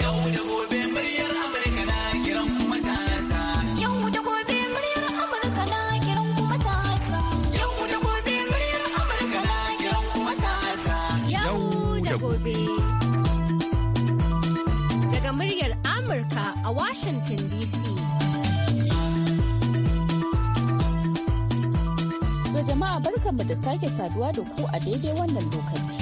Yau da gobe muryar Amurka na kiran kuma ta Yau da gobe muryar Amurka na kiran kuma ta Yau da gobe muryar Amurka na kiran kuma ta Yau da gobe. Daga muryar Amurka a Washington DC. jama'a barkanmu da sake saduwa da ku a daidai wannan lokaci.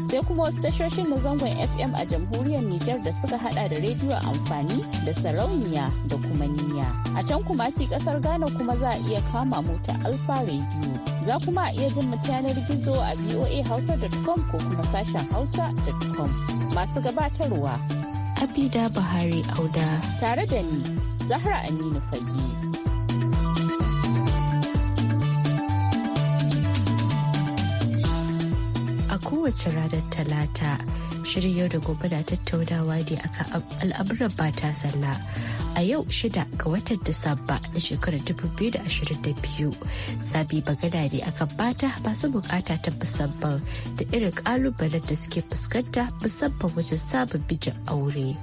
sai kuma wasu tashoshin na zangon fm a jamhuriyar nijar da suka hada da rediyo amfani da sarauniya da kuma niyya a can kuma si kasar ghana kuma za a iya kama mu ta alfa radio za kuma a iya jin mu yanar gizo a hausa.com ko kuma sashen hausa.com masu gabatarwa abida buhari auda tare da ni zahra aminu fage a kowace ranar talata shirin yau da gobe da tattaunawa ne aka al'amuran bata sallah a yau shida ga watan disamba na shekarar 2022 sabi magana ne akan bata masu bukata ta musamman da irin kalubalen da suke fuskanta musamman wajen samun bijin aure.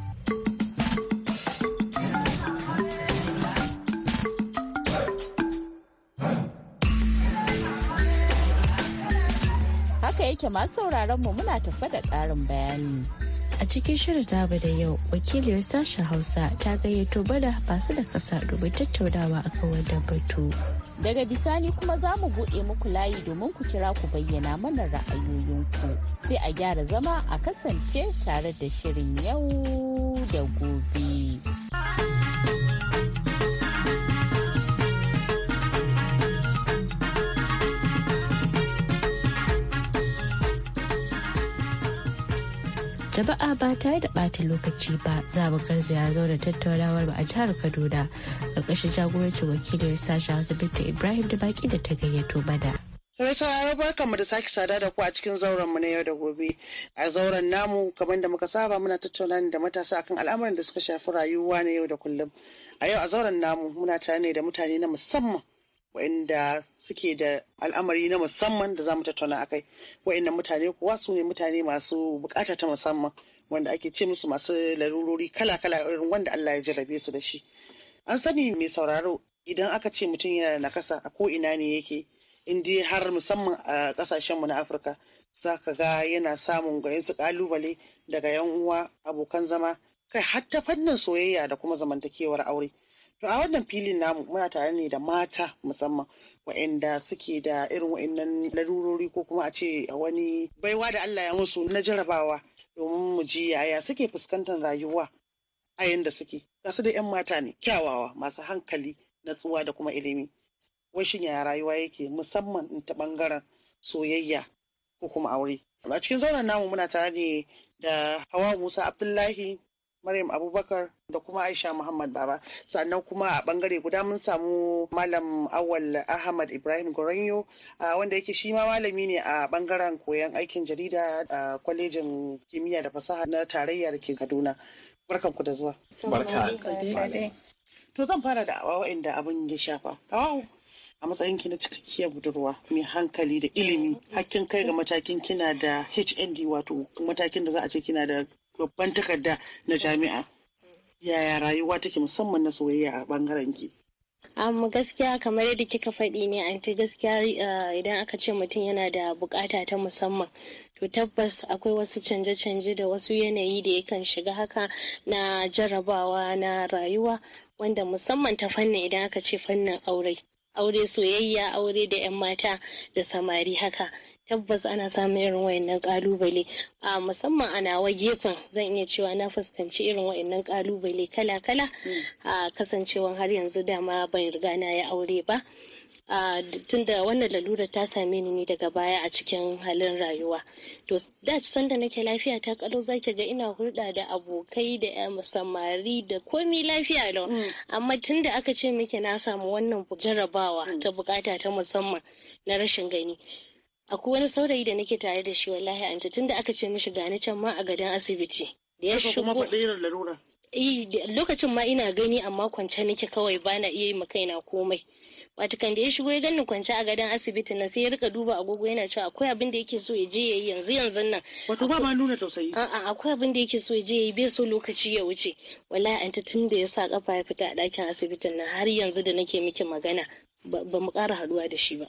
yake masu sauraron mu muna tafa da ƙarin bayani. A cikin shirin tabu da yau, wakiliyar sashen Hausa ta gayyato bada basu da kasa domin tattaunawa akan da batu. Daga bisani kuma za mu buɗe muku layi domin ku kira ku bayyana mana ra'ayoyinku. Sai a gyara zama a kasance tare da shirin yau da gobe. jama'a ba yi da ɓata lokaci ba za mu garzaya zauna tattaunawar ba a jihar kaduna ƙarƙashin jagorancin wakilin sashi asibiti ta ibrahim da baki da ta gayyato mana. Sai barka mu da sake sada da ku a cikin zauren mu na yau da gobe. A zauren namu kamar da muka saba muna tattaunawa da matasa akan al'amuran da suka shafi rayuwa na yau da kullum. A yau a zauren namu muna tare ne da mutane na musamman waɗanda suke da al'amari na musamman da za mu tattauna a kai, waɗannan mutane kuwa su ne mutane masu bukata ta musamman wanda ake ce musu masu larurori kala-kala irin wanda Allah ya jarrabe su da shi an sani mai sauraro idan aka ce mutum yana da nakasa a ko ina ne yake in dai har musamman a kasashenmu na Afirka za ka ga yana samun garin su kalubale daga yan uwa abokan zama kai hatta fannin soyayya da kuma zamantakewar aure To a wannan filin namu muna tare ne da mata musamman waɗanda suke da irin waɗannan larurori ko kuma a ce wani baiwa da Allah ya musu na jarabawa domin mu ji yaya suke fuskantar rayuwa a yanda suke. Gasu da 'yan mata ne kyawawa masu hankali natsuwa da kuma ilimi. Washin yaya rayuwa yake musamman in ta ɓangaren soyayya ko kuma aure. A cikin zauren namu muna tare ne da Hawa Musa Abdullahi Maryam Abubakar da kuma Aisha Muhammad Baba. Sannan kuma a bangare guda mun samu Malam Awal Ahmad Ibrahim Goranyo wanda yake shi ma malami ne a bangaren koyon aikin jarida a kwalejin kimiyya da fasaha na tarayya da ke Kaduna. Barkan ku da zuwa. Barka. To zan fara da awa inda abin ya shafa. a matsayin ki na cikakkiyar budurwa mai hankali da ilimi hakkin kai ga matakin kina da HND wato matakin da za a ce kina da babban takarda na jami'a yaya rayuwa take musamman na soyayya a bangaren ki um, gaskiya kamar yadda kika faɗi ne ce gaskiya eh, idan aka ce mutum yana da bukata ta musamman to tabbas akwai wasu canje-canje da wasu yanayi da yakan shiga haka na jarabawa na rayuwa wanda musamman ta fannin idan aka ce fannin aure aure soyayya aure da 'yan mata da samari haka tabbas ana samun irin wayannan kalubale a musamman a nawa gefen zan iya cewa na fuskanci irin wayannan kalubale kala-kala a kasancewan har yanzu dama ban riga na ya aure ba tunda wannan lalura ta same ni ne daga baya a cikin halin rayuwa to da sanda nake lafiya ta kalo zaki ga ina hulɗa da abokai da samari da komi lafiya lau mm. amma tunda aka ce miki na samu wannan jarabawa mm. ta bukata ta musamman na rashin gani akwai wani saurayi da nake tare da shi wallahi anta tunda aka ce mishi gani can ma a gadon asibiti da ya shigo eh, lokacin ma ina gani amma kwance nake kawai bana iya yi ma kaina komai kan da ya shigo ya ganni kwance a gadon asibiti nan sai ya rika duba agogo yana cewa akwai abin da yake so ya je yayi yanzu yanzu nan wato ba ma nuna tausayi a'a akwai abin da yake so ya je yayi bai so lokaci ya wuce wallahi anta tun da ya sa kafa ya fita a dakin asibitin nan har yanzu da nake miki magana ba mu ƙara haduwa da shi ba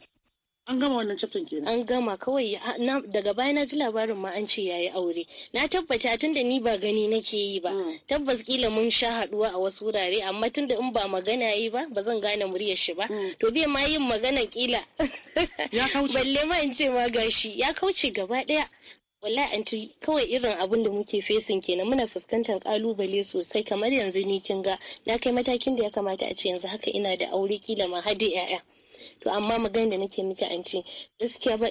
An gama wannan chapter kenan. An gama kawai daga baya na ji labarin ma an ce yayi aure. Na tabbata tunda ni ba gani nake yi ba. Hmm. Tabbas kila mun sha haduwa a wasu wurare amma tunda in ba magana yi ba ba zan gane muryar shi ba. Hmm. To bai ma yin magana kila. Ya kauce. Balle ma in ce ma gashi ya kauce gaba daya. Wallahi anti kawai irin abin da muke fesin kenan muna fuskantar kalubale sosai kamar yanzu ni kin ga na kai matakin da ya kamata a ce yanzu haka ina da aure kila ma hadi 'ya'ya. to amma magana da nake miki an ce gaskiya ba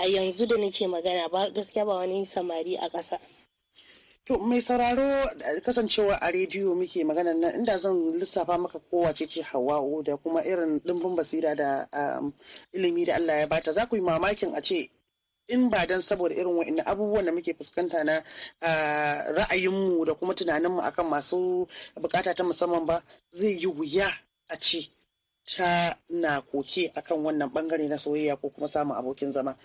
a yanzu da nake magana ba gaskiya ba wani samari a ƙasa to mai sauraro kasancewa a rediyo muke magana nan inda zan lissafa maka kowace ce hawa'u da kuma irin dimbin basira da um, ilimi da Allah ya bata za ku yi mamakin a ce in ba dan saboda irin wa'annan abubuwan da muke fuskanta na ra'ayinmu da kuma tunaninmu akan masu bukata ta musamman ba zai yi wuya a ce ta na koke akan wannan bangare na soyayya ko kuma samun abokin zama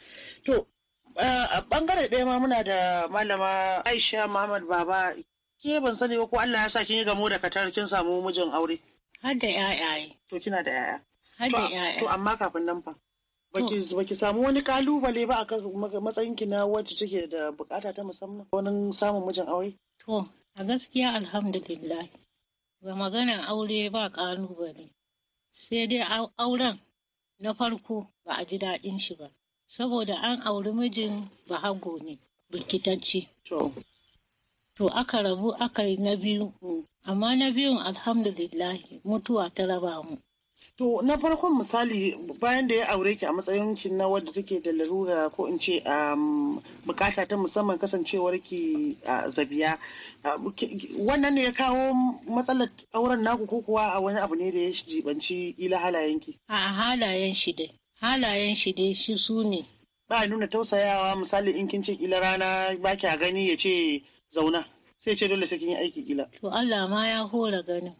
to a bangare ɗaya ma muna da malama aisha muhammad baba ke ban sani ba ko allah ya sa kin yi gamo da katar kin samu mijin aure har da yayaye to kina da yaya har da yaya to amma kafin nan fa baki ki samu wani kalubale ba a matsayin ki na wacce take da bukata ta musamman wani samun mijin aure to a gaskiya alhamdulillah Ba maganar aure ba kalubale sai dai auren na farko ba a ji daɗin shi ba saboda an auri mijin bahago ne birkitacci to aka rabu aka yi na biyu amma na biyun alhamdulillah mutuwa ta raba mu To na farkon misali bayan da ya aure ki a matsayin ki na wadda take da larura ko in ce um, bukata ta musamman kasancewar ki zabiya wannan ne ya kawo matsalar auren naku ko kuwa a wani abu ne da ya jibanci ila halayen ki? A halayen shi dai. Halayen shi dai shi su ne. Ba nuna tausayawa misali in kin ce kila rana ba kya gani ya ce zauna sai ce dole sai kin yi aiki kila. To Allah ma ya hora ganin.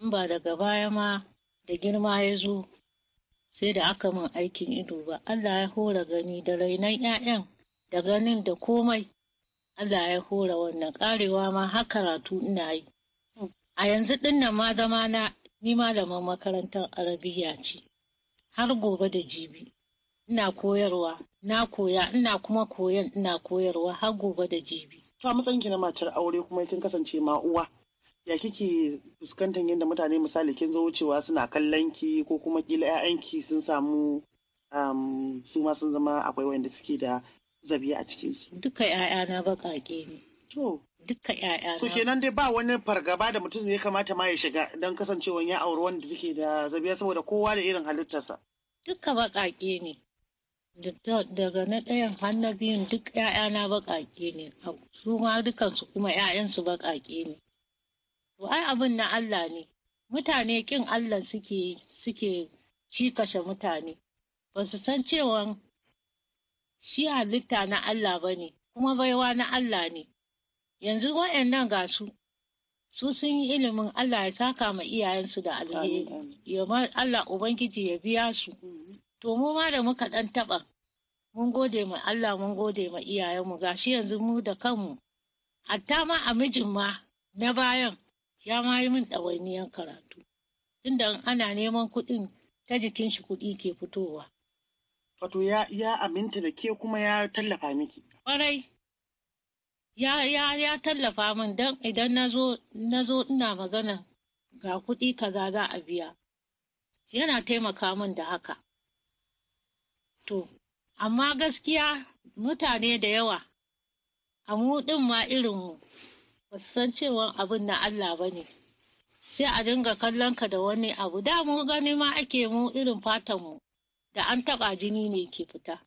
In ba daga baya ma da girma ya zo sai da aka min aikin ido ba Allah ya hora gani da rainan 'ya'yan da ganin da komai Allah ya hora wannan karewa ma har karatu ina yi a yanzu dinnan ma zama na ni malaman makarantar arabiya ce har gobe da jibi ina koyarwa na koya ina kuma koyan ina koyarwa har gobe da jibi Ta matsayin ki na matar aure kuma kin kasance ma uwa ya kike fuskantar yadda mutane misali kin zo wucewa suna kallon ki ko kuma kila ki, sun samu um, su ma sun zama akwai wanda suke da zabi a cikin su duka 'ya'yana baƙaƙe ne to duka 'ya'yana so kenan dai ba wani fargaba da mutum ya kamata ma ya shiga don kasancewa ya auri wanda take da zabiya saboda kowa da irin halittarsa duka baƙaƙe ne daga na ɗayan har na biyun duk ‘ya'yana baƙaƙe ne su ma dukansu kuma ‘ya'yansu baƙaƙe ne To ai abin na Allah ne, mutane ƙin Allah suke suke cikashe mutane, ba su san cewa shi halitta na Allah ba ne, kuma baiwa na Allah ne. Yanzu wa'annan ga su, su sun yi ilimin Allah ya saka ma iyayensu da alheri, Allah Ubangiji ya biya su. Mm-hmm. To mu ma da muka ɗan taɓa, mun gode ma Allah mun gode ma iyayenmu Ga shi yanzu mu da kanmu. Hatta ma a mijin ma na bayan ya ma yi min ɗawainiyar karatu inda ana neman kuɗin ta jikin shi kuɗi ke fitowa. Wato ya, aminta da ke kuma ya tallafa miki. Ƙwarai, ya, tallafa min don idan na zo ina magana ga kuɗi kaza za a biya. Yana taimaka min da haka. To, amma gaskiya mutane da yawa, a mu ɗin ma irinmu ba su san cewa abin na Allah ba ne. Sai a dinga kallon ka da wani abu, da mu gani ma ake mu irin fatanmu da an taɓa jini ne ke fita.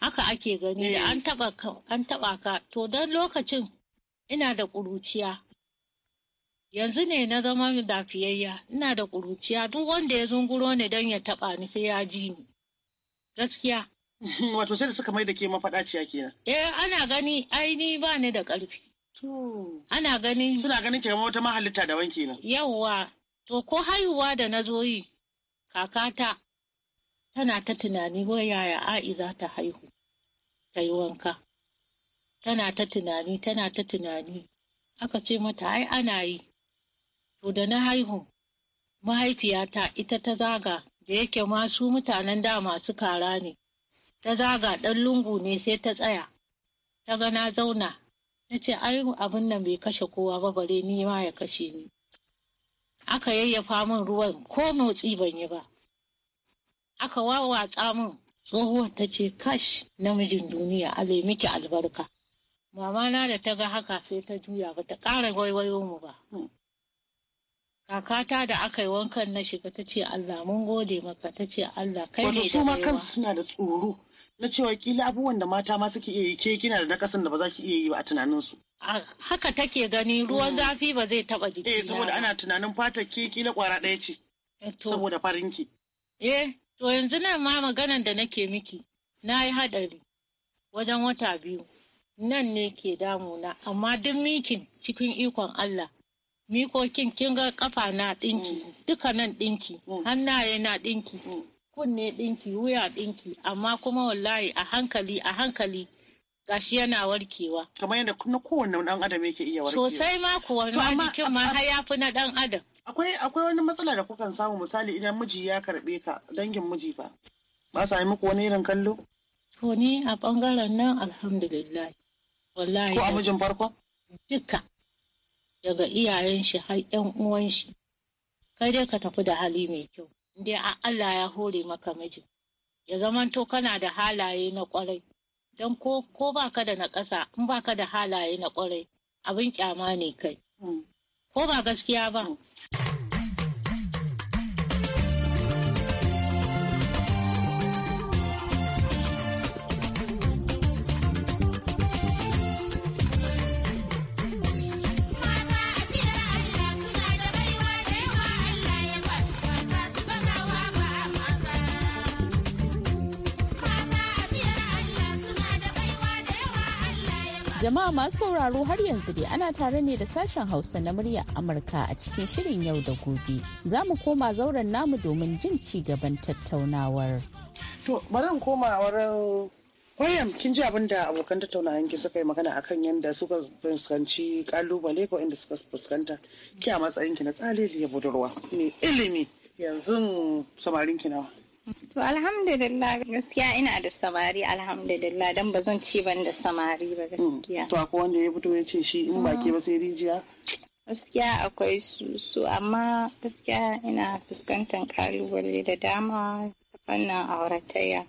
Haka ake gani da an taɓa ka, to don lokacin ina da ƙuruciya. Yanzu ne na zama lafiyayya, ina da ƙuruciya duk wanda ya zunguro ne don ya taɓa ni sai ya ji ni. Gaskiya. Wato sai da suka mai da ke mafaɗaciya kenan. Eh ana gani ai ni ba ni da ƙarfi. Ana ganin. Suna ganin ki wata mahalitta daban nan. Yawwa, to ko haihuwa da na zo yi, kakata tana ta tunani wai yaya A'iza ta haihu, ta yi wanka. Tana ta tunani, tana ta tunani, aka ce mata ai ana yi. To da na haihu, mahaifiyata ita ta zaga da yake masu mutanen da masu kara ne. Ta zaga ɗan lungu ne sai ta tsaya, ta ga na zauna na ce ai abin nan bai kashe kowa ba bare ni ma ya kashe ni aka yayyafa min ruwan ko motsi ban yi ba aka wawatsa min tsohuwar ta ce kash namijin duniya alai miki albarka mama na da ta ga haka sai ta juya ba ta ƙara waiwayo mu ba hmm. kakata da aka yi wankan na shiga ta ce Allah mun gode maka ta ce Allah kai ne da su ma kansu suna da tsoro na cewa kila abubuwan da mata ma suke iya yi ke kina da nakasan da ba za ki iya yi ba a tunanin su haka take gani ruwan mm. zafi ba zai taba jiki eh saboda ana tunanin fatar ke kila kwara ɗaya ce eh, saboda farin ki eh to yanzu nan ma maganan da nake miki na yi hadari wajen wata biyu nan ne ke damuna amma duk mikin cikin ikon Allah mikokin kin ga kafa na dinki mm. duka nan ɗinki, mm. hannaye na ɗinki. kunne ɗinki wuya ɗinki amma kuma wallahi a hankali a hankali gashi yana warkewa. Kamar yadda na kowanne ɗan adam yake iya warkewa. Sosai ma kuwa ma jikin ma fi na ɗan adam. Akwai akwai wani matsala da kukan samu misali idan miji ya karɓe ka dangin miji ba. Ba sa yi muku wani irin kallo? To ni a ɓangaren nan alhamdulillah. Wallahi. Ko a mijin farko? Duka. Daga iyayen shi har 'yan uwan shi. Kai dai ka tafi da hali mai kyau. inda Allah ya hore maka miji ya zamanto kana da halaye na kwarai don ko ko baka da na ƙasa in baka da halaye na kwarai abin kyama ne kai hmm. ko ba gaskiya ba Jama'a masu sauraro har yanzu dai ana tare ne da sashen Hausa na murya Amurka a cikin shirin yau da gobe. Za mu koma zauren namu domin jin ci gaban tattaunawar. To, bari in koma wurin wayan kin ji abin da abokan tattaunawar ki suka yi magana akan yadda suka fuskanci kalubale ko inda suka fuskanta ki a matsayin ki na ya budurwa ne ilimi yanzu samarin ki nawa. To alhamdulillah gaskiya ina da samari alhamdulillah dan ba zan ci ban da samari ba gaskiya. Hmm, to akwai wanda ya fito ya ce shi in ba ke ba sai rijiya? Gaskiya akwai su su amma gaskiya ina fuskantar kalubale da dama wannan auratayya.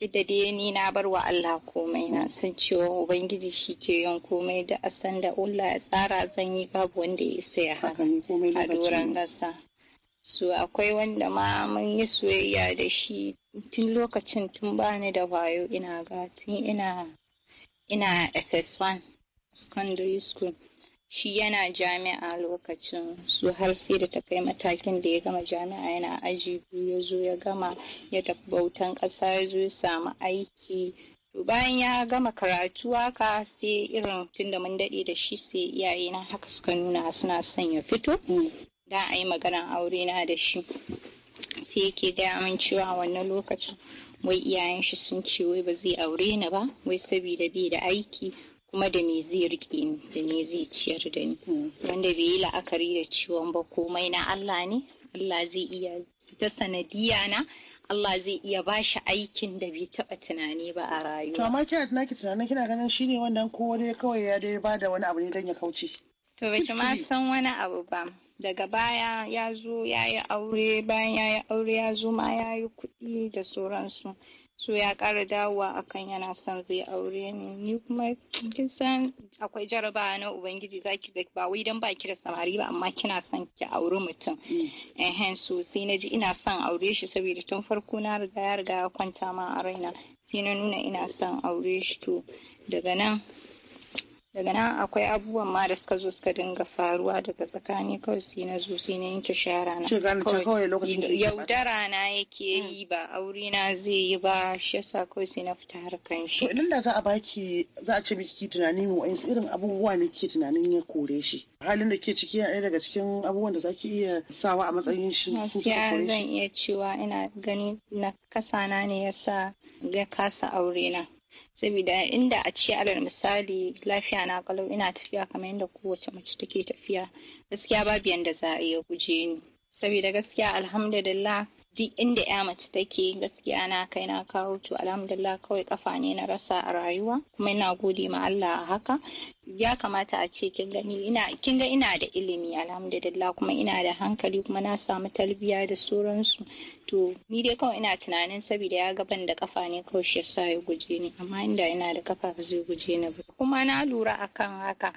Yadda da ni na bar wa Allah komai na san cewa Ubangiji shi ke yin komai da asan da Allah ya tsara zan yi babu wanda ya isa ya hana a doron gasa. su akwai wanda ma mun yi soyayya da shi tun lokacin tun bani da wayo ina ga tun ina ina ss1 secondary school shi yana jami'a lokacin su har sai da ta kai matakin da ya gama jami'a yana aji biyu ya zo ya gama ya tafi bautan ƙasa ya zo ya samu aiki to bayan ya gama karatu haka sai irin tunda mun daɗe da shi sai iyaye na haka suka nuna suna son ya fito da a yi maganar aure na da shi sai yake gaya min cewa wannan lokacin wai iyayen shi sun ce wai ba zai aure ni ba wai saboda bai da aiki kuma da me zai rike ni da me zai ciyar da ni hmm. wanda bai yi la'akari da ciwon ba komai na Allah ne Allah zai iya ta sanadiya na Allah zai iya ba shi aikin da bai taba tunani ba a rayuwa. To amma kina tunaki tunanin kina ganin shine wannan kowa dai kawai ya dai bada wani abu ne don ya kauce. To baki ma san wani abu ba. daga baya ya zo ya yi aure bayan ya yi aure ya zo ma ya yi kuɗi da sauransu so ya ƙara dawowa akan yana son zai aure ne ni kuma kin san akwai jaraba na ubangiji zaki da ba wai dan ki da samari ba amma kina son ki auri mutum mm. ehen so sai na ji ina son aure shi saboda tun farko na riga ya riga kwanta ma a raina sai na nuna ina son aure shi to daga nan daga nan akwai abubuwan ma da suka zo suka dinga faruwa daga tsakani kawai sai na zo sai na yanke shara na yaudara na yake hmm. yi ba aure na zai yi ba shi yasa kawai sai na fita harkan shi idan da za a baki za a ce miki tunanin wa'in irin abubuwa ne ke tunanin ya kore shi halin da ke ciki yana daga cikin abubuwan da zaki iya sawa a matsayin shi gaskiya zan iya cewa ina gani na kasana ne yasa ya kasa aure na saboda inda a ce alal misali lafiya na kalau ina tafiya kamar yadda kowace mace take tafiya gaskiya babu yadda za a iya guje ni saboda gaskiya alhamdulillah duk inda ya mace take gaskiya na kai na kawo to alhamdulillah kawai kafa ne na rasa a rayuwa kuma ina gode ma Allah a haka ya kamata a ce kin gani ina kin ga ina da ilimi alhamdulillah kuma ina da hankali kuma na samu talbiya da sauransu to ni dai kawai ina tunanin saboda ya ga ban da kafa ne kawai shi yasa ya guje ni amma inda ina da kafa zai guje ni kuma na lura akan haka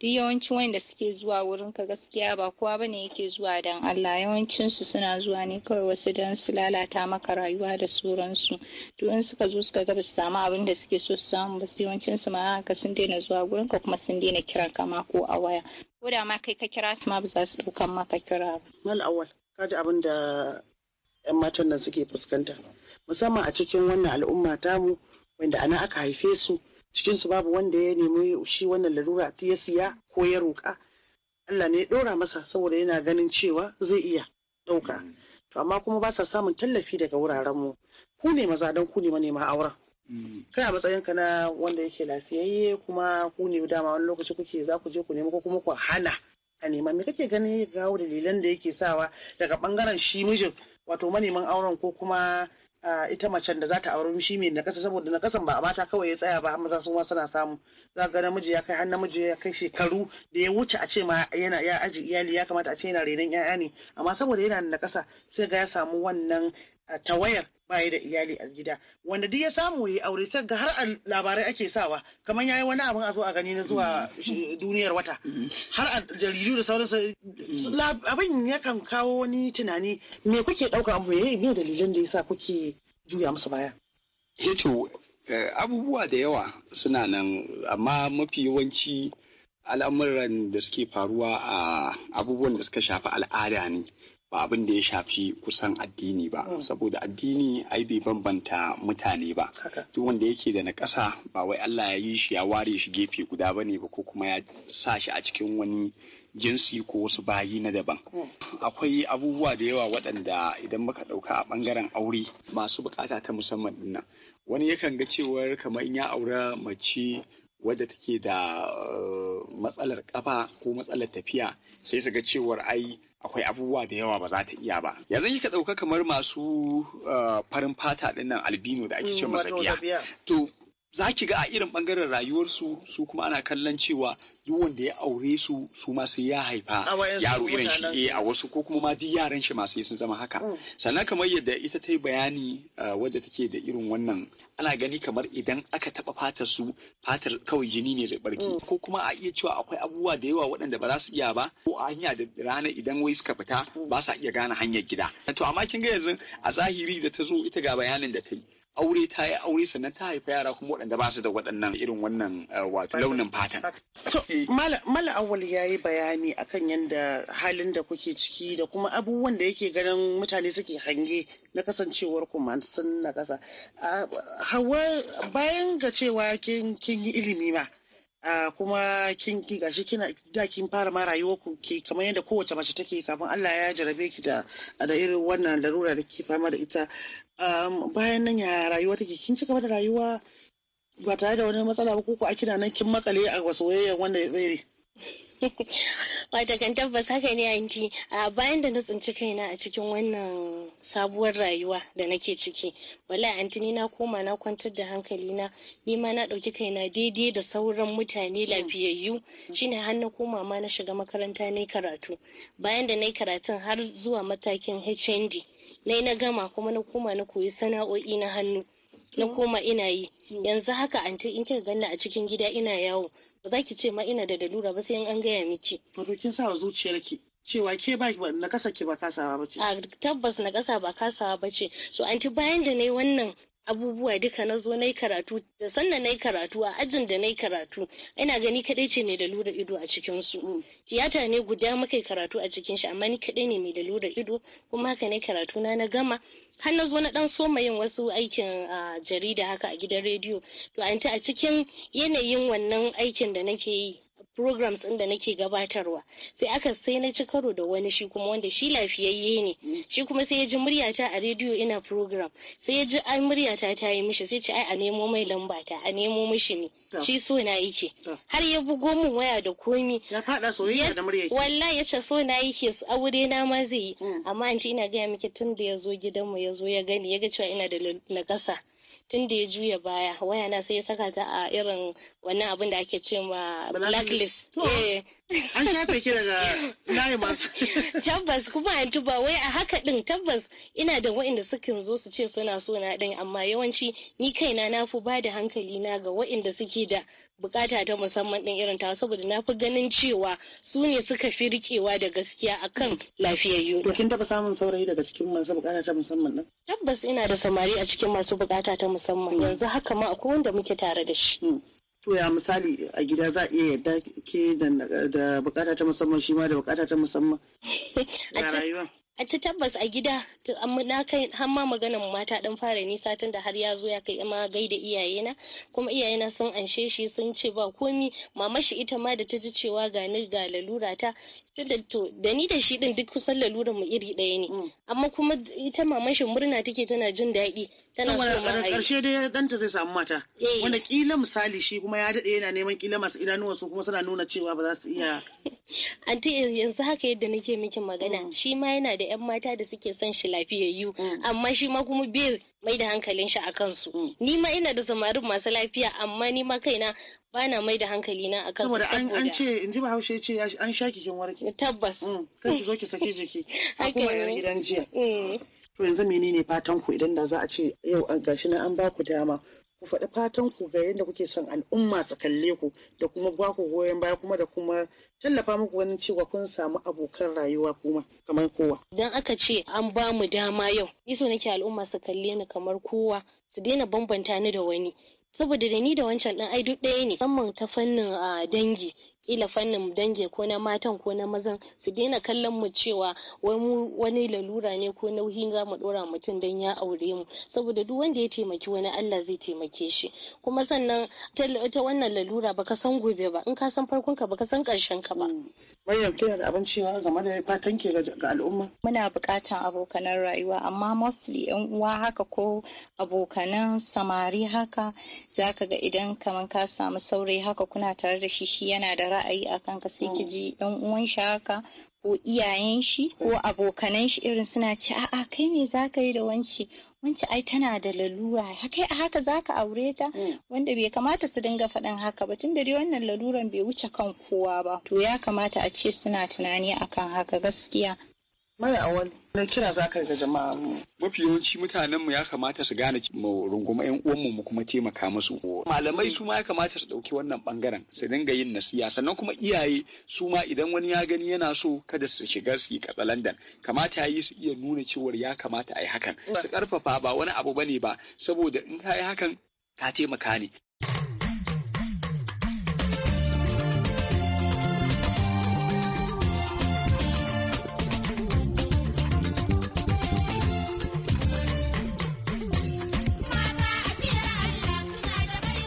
duk yawanci wanda suke zuwa wurin ka gaskiya ba kowa ne yake zuwa dan Allah yawancinsu su suna zuwa ne kawai wasu don su lalata maka rayuwa da sauransu to in suka zo suka ga ba su samu abin da suke so su samu ba yawancin su ma haka sun daina zuwa wurin ka kuma sun daina kiran ka ma ko a waya ko da ma kai ka kira su ma ba za su ɗaukan maka kira ba mal awal ka ji abin da yan matan nan suke fuskanta musamman a cikin wannan al'umma tamu wanda ana aka haife su cikin su babu wanda ya nemi shi wannan larura ya siya ko ya roƙa Allah ne ya ɗora masa saboda yana ganin cewa zai iya ɗauka mm. to amma kuma ba sa samun tallafi daga wuraren mu ku ne maza don ku ne manema auren mm. kai a matsayin ka na wanda yake lafiyayye kuma ku ne dama wani lokaci kuke za ku je ku nemi ko kuma ku hana a nema me kake ya gawo dalilan da yake sawa daga bangaren shi mijin wato maneman auren ko kuma Ah, ita macen da za ta auri shi mai nakasa saboda nakasan ba a mata kawai ya tsaya ba amma za su ma suna samu za ga namiji ya kai har namiji ya kai shekaru da ya wuce a ce ma yana ya aji iyali ya kamata a ce yana renon 'ya'ya ne amma saboda yana da nakasa sai ga ya samu wannan ah, tawayar baya da iyali a gida wanda duk ya samu yi aure sai ga har a labarai ake sawa kamar yayi wani abin a zo a gani na zuwa duniyar wata har a jaridu da sauransu abin yakan kawo wani tunani me kuke dauka me me dalilan da yasa kuke juya musu baya yato eh eh, abubuwa da yawa suna nan amma mafi yawanci al'amuran da suke faruwa a abubuwan da suka shafi al'ada ne ba abin da ya shafi kusan addini ba hmm. saboda addini ai bai bambanta mutane ba duk wanda yake da nakasa ba wai Allah ya yi shi ya ware shi gefe guda ne ba ko kuma ya sa shi a cikin wani jinsi ko wasu bayi na daban. Hmm. Akwai abubuwa da yawa waɗanda idan muka ɗauka a ɓangaren aure masu bukata ta musamman nan Wani yakan ga cewar kamar in ya aura mace wadda take da eh, matsalar ƙafa ko matsalar tafiya sai su ga cewar ai akwai abubuwa da yawa ba za ta iya ba yanzu ka ɗauka kamar masu eh, farin fata ɗinnan albino da ake ce masa mm, biya to za ki ga a irin bangaren rayuwarsu su kuma ana kallon cewa duk wanda ya aure su su ma sai ya haifa yaro irin shi eh, a wasu ko kuma ma duk yaran shi masu sun zama haka mm. sannan kamar yadda ita ta yi bayani eh, wadda take da irin wannan ana gani kamar idan aka taba fatar su fatar kawai jini ne zai barki mm. ko kuma a iya cewa akwai abubuwa da yawa waɗanda ba za su iya ba ko a hanya da rana idan wai suka fita mm. ba sa iya gane hanyar gida to amma kin ga yanzu a zahiri da ta zo ita ga bayanin da ta yi aure ta yi aure sannan ta haifa yara kuma waɗanda ba su da waɗannan irin wannan eh, wato launin fatan. Mala awal ya yi bayani akan yadda halin da kuke ciki da kuma abubuwan da yake ganin mutane suke hange na kasancewar kuma sun na kasa. Hawa bayan ga cewa kin yi ilimi ma. Uh, kuma kin ki gashi kina da kin fara ma rayuwar ku ke kamar yadda kowace mace take kafin Allah ya jarabe ki da da irin wannan larura da ke fama da ita bayan nan ya rayuwa take kin ci gaba da rayuwa ba tare da wani matsala ba ko a kina nan kin makale a soyayya wanda ya tsere wata kan tabbas haka ne anti a bayan da na tsinci kaina a cikin wannan sabuwar rayuwa da nake ciki wala anti na koma na kwantar da hankali na ni ma na ɗauki kaina daidai da sauran mutane lafiyayyu shine har na koma ma na shiga makaranta na karatu bayan da na karatun har zuwa matakin HND nai na gama kuma na koma na koyi sana'o'i na hannu na mm. koma ina yi mm. yanzu haka anti in kika ganna a cikin gida ina yawo ba za ki ce ma ina da dalura ba sai an gaya miki wato kin sa zuciyarki cewa ke ba na kasa ke ba kasawa ba ce a tabbas na kasa ba kasawa ba ce so anti bayan da nayi wannan abubuwa duka na zo na karatu da sannan na karatu a ajin da na karatu ina gani kadai ce mai da lura ido a cikin su tiyata ne guda makai karatu a cikin shi amma ni kadai ne mai da lura ido kuma haka ne karatu na na gama har na zo na dan soma yin wasu aikin a jarida haka a gidan rediyo to a cikin yanayin wannan aikin da nake yi programs ɗin da nake gabatarwa sai aka sai na ci karo da wani shi kuma wanda shi lafiyayye ne shi kuma sai ya ji muryata a rediyo ina program sai ya ji ai muryata ta yi mishi sai ce ai a nemo mai lamba ta a nemo mishi ne shi so na yake har ya bugo min waya da komi ya fada soyayya da murya wallahi yace so na yake aure na ma zai yi mm. amma anti ina gaya miki tun da ya zo gidanmu ya zo ya gani ya ga cewa ina da nakasa tunda ya juya baya waya na sai ya saka ta a irin wannan abin da ake ce ma blacklist eh. an shafe ki daga layi masu tabbas kuma an ba wai a haka din tabbas ina da wa'inda suka zo su ce suna so na din amma yawanci ni kaina na ba da hankali na ga wa'inda suke da bukata ta musamman din irin ta saboda na fi ganin cewa su ne suka fi rikewa da gaskiya akan lafiyayyu. To kin taba samun saurayi daga cikin masu bukata ta musamman din? Tabbas ina da samari a cikin masu bukata ta musamman yanzu haka ma akwai wanda muke tare da shi. Hmm. To ya misali a gida za a iya yadda ke da bukata ta musamman shi ma da bukata ta musamman. a ta tabbas a gida na kai har ma maganan mata dan fara nisa tun da har ya zo ya kai gai da iyayena kuma iyayena sun anshe shi sun ce ba komi mama shi ita ma da ta ji cewa ga ni ga lalura ta to da ni da shi din duk kusan laluran mu iri ɗaya ne mm. amma kuma ita mama shi murna take tana jin daɗi tana so ma a karshe dai danta zai samu mata eh. wanda kila misali shi kuma ya dade yana neman kila masu idanuwan su kuma suna nuna cewa ba za su iya anti yanzu haka yadda nake miki magana mm. shi ma yana da yan mata da suke son shi lafiyayyu mm. amma shi ma kuma bai mai da hankalin shi a kansu mm. ni ma ina da samarin masu lafiya amma ni ma kaina bana mai da hankali na akan saboda an ce in ji bahaushe ce an sha kikin warke tabbas Kan ki zo ki sake jiki a kuma gidan jiya To yanzu menene fatan ku idan da za a ce yau gashi na an ba ku dama ku faɗi fatan ku ga yadda kuke son al'umma su kalle ku da kuma ba ku goyon baya kuma da kuma tallafa muku wani cewa kun samu abokan rayuwa kuma kamar kowa. Idan aka ce an ba mu dama yau, iso nake al'umma su kalle ni kamar kowa su daina bambanta ni da wani. Saboda da ni da wancan ɗan ai duk ɗaya ne, musamman ta fannin dangi. kila fannin dangi ko na matan ko na mazan su daina kallon mu cewa wani lalura ne ko nauyi za mu dora mutum don ya aure mu saboda duk wanda ya taimaki wani Allah zai taimake shi kuma sannan ta wannan lalura baka san gobe ba in ka san farkon ka baka san karshen ka ba bayan mm. kina da abin cewa game da fatan ke ga al'umma muna bukatan abokan rayuwa amma mostly yan uwa haka ko abokanan samari haka zaka ga idan kaman ka samu saurayi haka kuna tare da shi shi yana da ra'ayi a kanka sai ki mm. ji yan uwan shi haka ko iyayen shi ko mm. abokanan shi irin suna ce a'a kai me za ka yi da wanci wanci ai tana da lalura kai a haka za ka aure ta mm. wanda bai kamata su dinga faɗin haka ba tun dai wannan laluran bai wuce kan kowa ba to ya kamata a ce suna tunani akan haka gaskiya mai a wani kira za ka ga jama'a mafi yawanci mutanen mu ya kamata su gane mu runguma yan uwan mu kuma taimaka musu malamai su ma ya kamata su dauki wannan bangaren su dinga yin nasiya sannan kuma iyaye su ma idan wani ya gani yana so kada su shiga su yi katsalandan kamata ya yi su iya nuna cewar ya kamata a yi hakan su karfafa ba wani abu bane ba saboda in ka yi hakan ka taimaka ne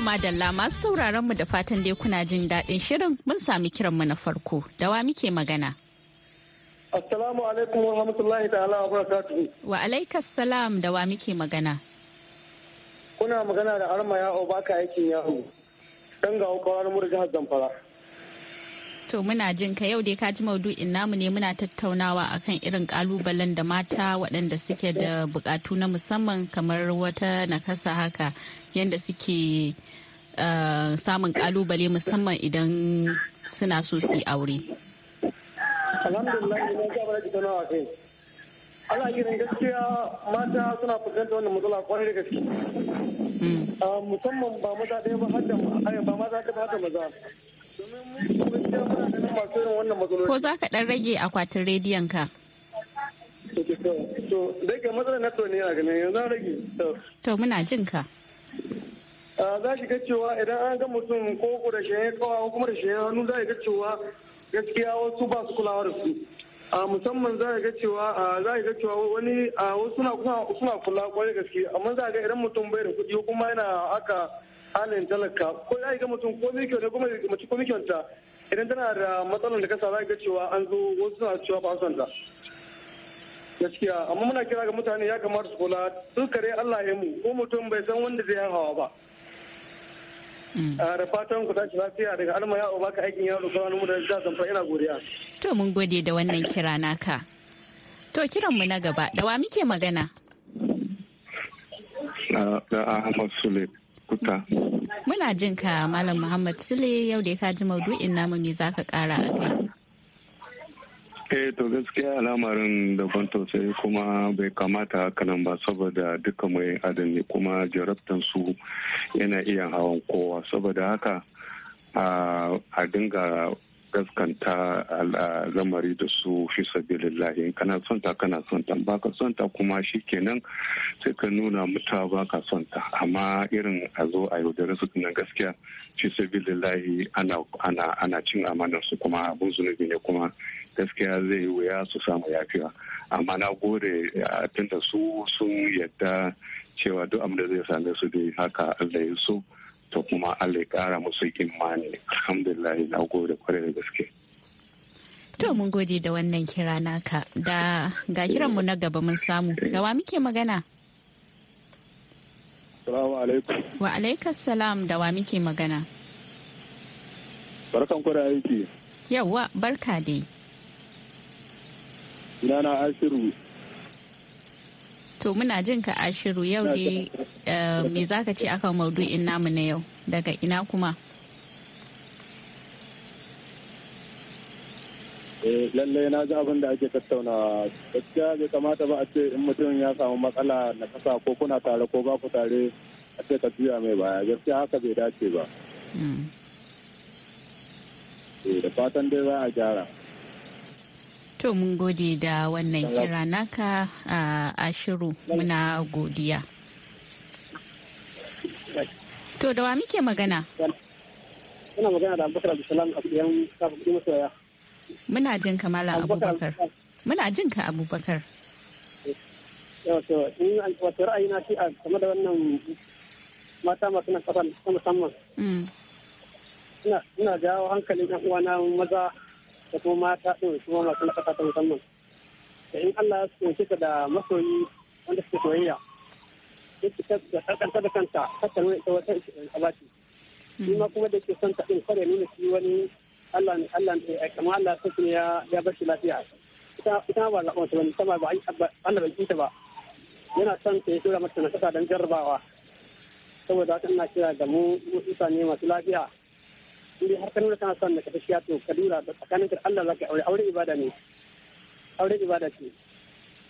To madalla masu sauraron mu da fatan dai kuna jin daɗin shirin mun sami kiran mu na farko da wa muke magana. Assalamu alaikum wa rahmatullahi ta'ala wa barakatuhu. Wa alaikas salam da wa muke magana. Kuna magana da arma ya baka aikin yaro. Dan ga kwarar mu da Zamfara. To muna jin ka yau dai ka ji maudu'in namu ne muna tattaunawa akan irin kalubalen da mata waɗanda suke da buƙatu na musamman kamar wata nakasa haka yadda suke uh, samun kalubale musamman idan suna so su aure. Alhamdulillah ana ganin gaskiya mata suna fuskantar wannan matsala kwarai da gaske hmm. ah, musamman ba maza ɗaya ba har da ba maza ɗaya ba har da maza Ko za ka ɗan rage akwatin rediyon ka? To, da ga matsalar na ne a ganin yanzu rage. To, muna jin ka. Za shi ga cewa idan an ga mutum ko da shayen kawa ko kuma da ya hannu za ga cewa gaskiya wasu ba su kulawa da su. a musamman za ga cewa za ga cewa wani a wasu suna kula kwarai gaske amma za ga idan mutum bai da kuɗi kuma yana haka halin talaka ko ya yi ga mutum ko mai kyau ne kuma mace ko mai kyauta idan tana da matsalar da kasa za ga cewa an zo wasu suna cewa ba son ta gaskiya amma muna kira ga mutane ya kamata su kula duk kare Allah ya mu ko mutum bai san wanda zai hawa ba mm. ah, da fatan ku tashi lafiya daga alma ya baka aikin yaro ko mu mu da zan fa ina godiya to mun gode da wannan kira naka to kiran mu na gaba da wa muke magana Ahmad kuta. Muna jin ka Malam Muhammad Sule yau da ya kaji maudu'in namu me za ka kara a kai. Eh to gaskiya al'amarin da ban sai kuma bai kamata nan ba saboda duka mai ne kuma jarabtan su yana iya hawan kowa saboda haka a dinga gaskanta al'amari da su fi sabilillahi in kana son ta kana son ta ba ka son ta kuma shikenan sai ka nuna mutuwa ba ka son amma irin a zo a yaudare su nan gaskiya fi sabilillahi ana ana cin amanar su kuma abun zunubi ne kuma gaskiya zai wuya su samu yafiya amma na gode tunda su sun yadda cewa duk abin da zai same su dai haka Allah ya so to kuma Allah ya kara musu imani alhamdulillah na gode kwarai da gaske to mun gode da wannan kira naka da ga kiran mu na gaba mun samu da wa muke magana Salamu alaikum. Wa alaikas salam da wa muke magana. Barkan ku da aiki. yawa barka dai. na Ashiru To muna jin ka a shiru yau dai eh, me za ka ce akan maudu'in namu na yau daga ina kuma? Eh, lallai na ji abin da ake tattauna gaskiya bai kamata ba a ce in mutum ya samu matsala na kasa ko kuna tare ko ba ku tare a ce ka juya mai baya gaskiya haka bai dace ba mm. eh, da fatan dai za a gyara To mun gode da wannan kira naka a shiru muna godiya. To da wa muke magana? Muna magana da Abubakar Abdulsalam a siyan kafin masoya. Muna jin ka Malam Abubakar. Muna jin ka Abubakar. Wato na shi a game da wannan mata masu nan kasan musamman. Mm. Ina jawo hankalin uwa na maza da kuma mata ɗin su ma masu nakasa ta musamman da in Allah ya tsoke ka da masoyi wanda suke soyayya duk da ƙarƙarta da kanta ta nuna ita wata abaci shi ma kuma da ke son ta ɗin kare nuna shi wani Allah ne Allah ne kama Allah sai ya ya bar shi lafiya ita ita ba zaɓa ta wani sama ba Allah bai kita ba yana son ta ya tura mata nakasa don jarrabawa saboda haka ina kira da mu mutane masu lafiya in har ka nuna kana son da ka tafiya to ka dura da tsakanin ka Allah zaka aure aure ibada ne aure ibada ce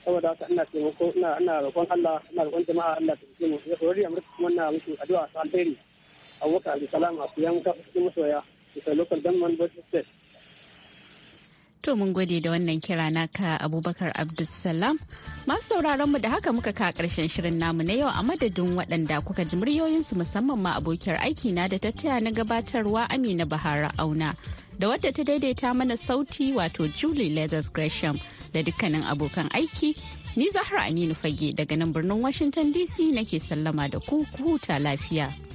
saboda haka ina taimako ina ina roƙon Allah ina roƙon jama'a Allah ta taimake mu ya horiya mu kuma ina musu addu'a ta alheri Abubakar Abdulsalam a kuyan ka cikin masoya da local government board state To mun gode da wannan kira naka Abubakar Abdulsalam. Masu sauraron mu da haka muka ka karshen shirin namu na yau a madadin waɗanda kuka ji muryoyinsu musamman ma abokiyar aiki na da ta taya na gabatarwa Amina Bahara Auna. Da wadda ta daidaita mana sauti wato Julie Leathers Gresham da dukkanin abokan aiki. Ni Zahra Aminu Fage daga nan birnin Washington DC nake sallama da ku huta lafiya.